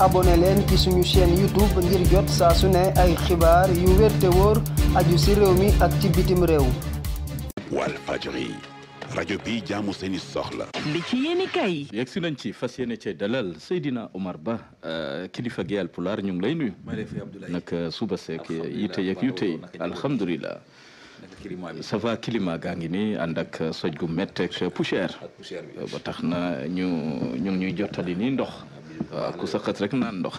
abonné leen ci suñu chaîne YouTube ngir jot saa su ne ay xibaar yu wér te wóor aju ci réew mi ak ci bitim réew. Walfadjri rajo bi jaamu seeni soxla. li ci yéene kay. yegg si nañ ci fas yéene ci dalal Seydina Omar Ba euh, kilifa gi Alpulaar ñu ngi lay nuyu. nag euh, suba seek yite yeeg yu tey alhamdulilah. ça va climat gaa ngi ni ànd ak euh, soj gu métteeg poussière. ba tax na ñu ñu ñuy jottali ni ndox. waaw ku sa rek naan ndox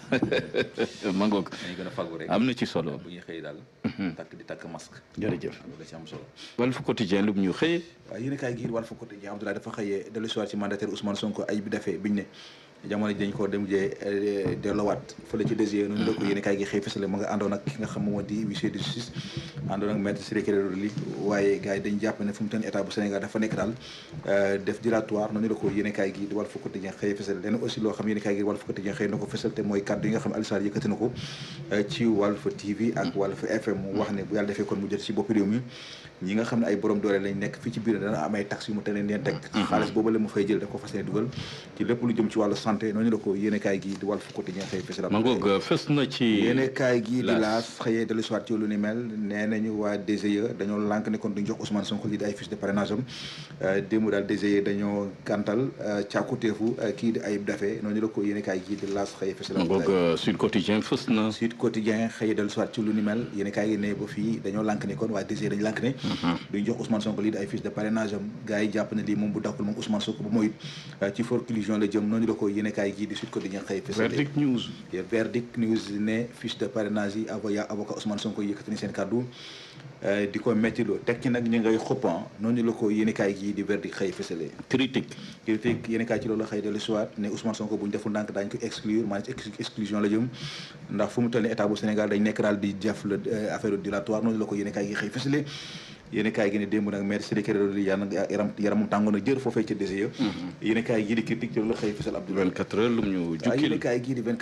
ma ngoog. dañuy rek am na ci solo. bu ñuy xëy daal. Mhm. takk di takk masque. jërëjëf loolu da ci am solo. Walf Quotidien lu ñu xëyee. waaw yéen a kaay gi Walf Quotidien Abdoulaye dafa xëyee dellusiwaat ci mandataire Ousmane Sonko ay bi dafee biñ ne. jamono ji dañ koo dem jee eh, delloowaat fële ci désiré noonu la ko mm-hmm. yéen kaay gi xëy fësale ma nga àndoon ak ki nga xam moo di huissier de justice àndoon ak maître Ciré waaye gars yi dañ jàpp ne fu mu état bu Sénégal dafa nekk daal eh, def dilatoire noonu la ko yéen kaay gi di wàl fukka tëjee xëy fësale leneen aussi loo xam yi nga xam ne Alioune Sarr yëkkati na ko eh, TV ak mm-hmm. Walf FM wax ne bu yàlla defee kon mu jot ci bopp réew mi ñi nga xam ne ay borom doole lañ nekk fii ci biir dana am ay taxes yu mu te leen leen teg mm-hmm. xaalis boobu la fay jël da ko fas yéene dugal ci lépp lu jëm ci wàllu santé noonu la ko yéene gi di laas xëyee dellu siwaat ci lu ni mel nee nañu waa DGE jox Ousmane Sonko lii di ay fiche de parrainage am euh, démb euh, euh, kii di Ayib Daffé noonu la ko yéene kaay gi di laas xëyee fës ma ngoog Sud Quotidien fës na Sud Quotidien xëyee dellu siwaat ci lu ni mel yéene gi ne ba fii dañoo lànk ne kon waa DGE dañu lànk ne bi mm-hmm. ñu jox Ousmane Sonko lii di ay de parrainage am gars jàpp ne lii moom bu dakkul moom Ousmane Sonko ba mooy euh, ci forclusion la jëm noonu la di Sud Quotidien xëy fësale verdict ne fiche Sonko yëkkati ni seen kàddu euh, ko nag ñu ngay xuppan ah. noonu la ko kaay gii di verdict xëy fësale critique critique yéene kaay bu ñu deful ndànk daañu ko exclure maanaam ci exclusion la jëm ndax fu mu toll état bu Sénégal dañ nekk daal di jaf euh, affaire dilatoire noonu la ko yéene gi xëy fësale yéen kaay gi ne démb nag maître Ciré Clédor Ly yàlla yaram yaram tàngoon na jër foofee ca DGE mm-hmm. yéen kaay gii di critique ci loolu ñu jukkil yéen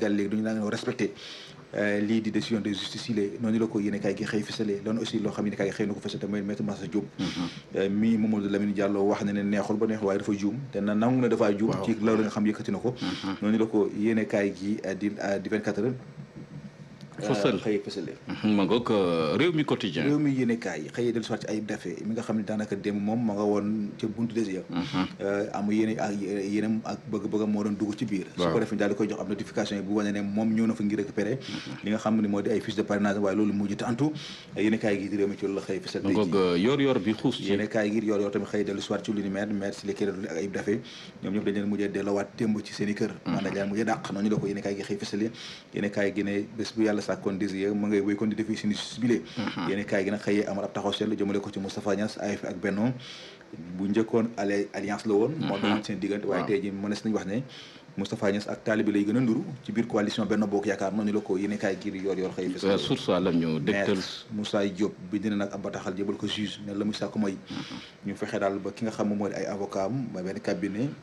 kaay euh, euh, lii di décision de justice yi noonu la ko yéen kaay gi xëy fisalee loolu aussi loo xam yéen kaay gi xëy na ko fisal mm-hmm. euh, wax na ne neexul ba neex waaye dafa juum te na nangu na dafa juum ci loolu nga xam yëkkati ko mm-hmm. noonu la ko yéen kaay gi di di 24 heures fësal euh, xëy fësale mhm, ma ngoog euh, réew mi quotidien réew mi yéenekaay xëy dellu soit ci Ayib Daffé mi nga xam ne daanaka démb moom ma nga woon ca buntu des ya mhm. euh, amu yéene ak mhm. nga xam ne moo di ay fiche de parrainage waaye loolu mujj te antu gi di réew mi ci loolu la xëy fësal ma ngoog yor bi xuus yéenekaay gi yor yor tamit xëy dellu soit ci lu ni mel maire si likkee ak Ayib Daffé ñoom ñëpp dañ leen mujjee delloowaat démb ci seen i kër maanaam dañ leen mujjee dàq sàkkoon dis yé ngay wéy kon di defi sunu bile mhm. yéeni kaay gi nag xëyee amal ab taxaw seetlu jëmale ko ci Moustapha Niass AFP ak Benno bu njëkkoon ale alliance la woon moo mhm. doon seen diggante waaye tey ji mënees nañu wax ne Moustapha Niass ak taalibe lay gën a nduru ci biir coalition Benno Bokk Yaakaar noonu la ko yéen kaay gi di yor yor xëy fës euh, source la ñu dégtal Moussa Diop bi dina nag ab bataaxal jébal ko juge ne mhm. ba ki xam moom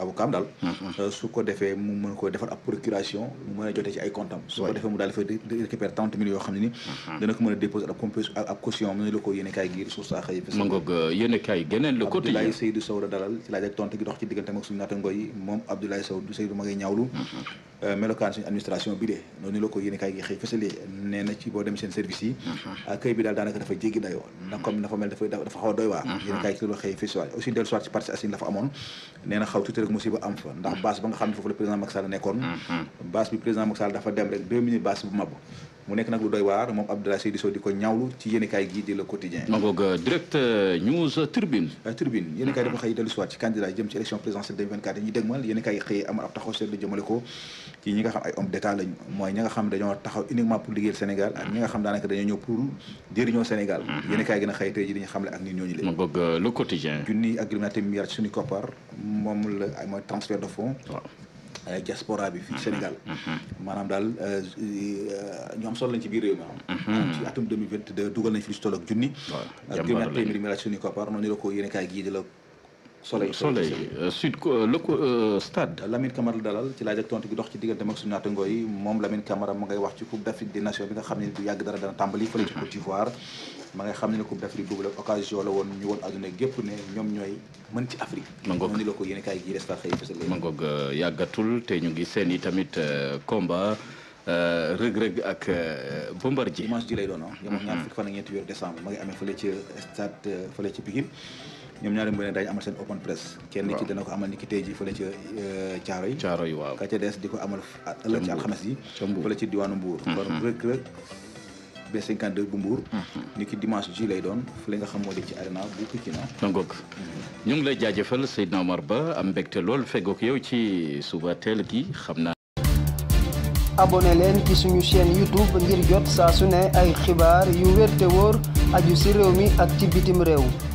avocat am daal. Mm-hmm. Euh, su ko defee mu mën ko defar ab procuration mu mën a jotee ci ay comptes am. su ko defee mu daal di fa récupérer trente mille yoo xam ne ni. Mm-hmm. dana ko mën a déposer ab compé ab caution mu ne la ko yéen kaay gi suuf saa xëy. ma ngoog euh, yéen kaay geneen le côté Abdoulaye Seydou Sow la dalal ci laaj ak tontu gi dox ci digganteem ak suñu naataangoo yi moom Abdoulaye Sow Seydou ma ngay ñaawlu. Mm-hmm. Euh, melokaan suñu administration bi de noonu la ko yéen kaay gi xëy fësalee nee na ci boo dem seen service yi uh-huh. accueil bi daal daanaka dafa jéggi dayoo na comme dafa mel dafa dafa xaw a doy waar uh-huh. yéen kaay gi loolu xëy fësal aussi dellu soit ci Parcelles Assainies la amoon nee na xaw tuuti rek musiba am fa ndax uh-huh. base ba nga xam ne foofu la président Macky Sall nekkoon base bi président Macky dafa dem rek deux minutes base bu mabbu mu nekk nag lu doy waar moom Abdoulaye Seydou Sow di ko ñaawlu ci yéenekaay gi di le quotidien ma ngoog euh, direct euh, news euh, tribune tribune yéenekaay dafa xëy dellu si waat ci candidat yi jëm ko ci ñi nga xam ay homme d'état lañ mooy ñi nga xam dañoo taxaw uniquement pour liggéeyal Sénégal ak ñi nga xam daanaka mhm. gi na xëy tey ji dañu xamle ak nit ñooñu leen ma ngoog le quotidien junni ak juróom-ñaari téeméer ci suñu koppar moom la mooy transfert de fonds diaspora bi fii mhm. Sénégal mhm. maanaam daal ñu am solo ci biir réew mi am mhm. ci atum 2022 dugal nañ fi lu ci toll ak junni juróom-ñaar téeméeri milliards suñu koppar noonu la ko yéen kaay gii di la Euh, soleil soleil euh, sud euh, le stade. Lamine Camara dalal ci laaj ak tontu gi dox ci diggante ak suñu naatangoo moom Lamine Camara mu ngay wax ci coupe d'Afrique des nations bi nga xam ne du yàgg dara dana tàmbali fële ci Côte d'Ivoire ma coupe d'Afrique boobu occasion la woon ñu woon adduna gépp ne ñoom ñooy mën ci Afrique mangoog ni la ko yéen kaay gi restat xëy fësal yàggatul te ñu ngi seen i tamit combat rëg-rëg ak bombardier dimanche ji lay doon ah yamoon mm-hmm. ñaar fukki fan ak ñeenti weeru décembre ma ngay amee fële ci stade ñoom ñaari mbir daañu amal seen open press kenn ci ko amal ni ki tey ji fële ca caaro euh, yi caaro yi waaw ka ca di ko amal ëllëg ci alxames yi fële ci diwaanu Mbour mm-hmm. kon rek rek B52 bu Mbour mm-hmm. ji lay doon fële nga xam moo di ci arena bu Pikine dangoog mm-hmm. ngi lay jaajëfal Seydina Omar Ba am mbégte lool fegook yow ci suba teel gi xam naa abonné leen ci suñu chaîne YouTube ngir jot saa su ne ay xibaar yu wér te wóor aju ci réew mi ak ci bitim réew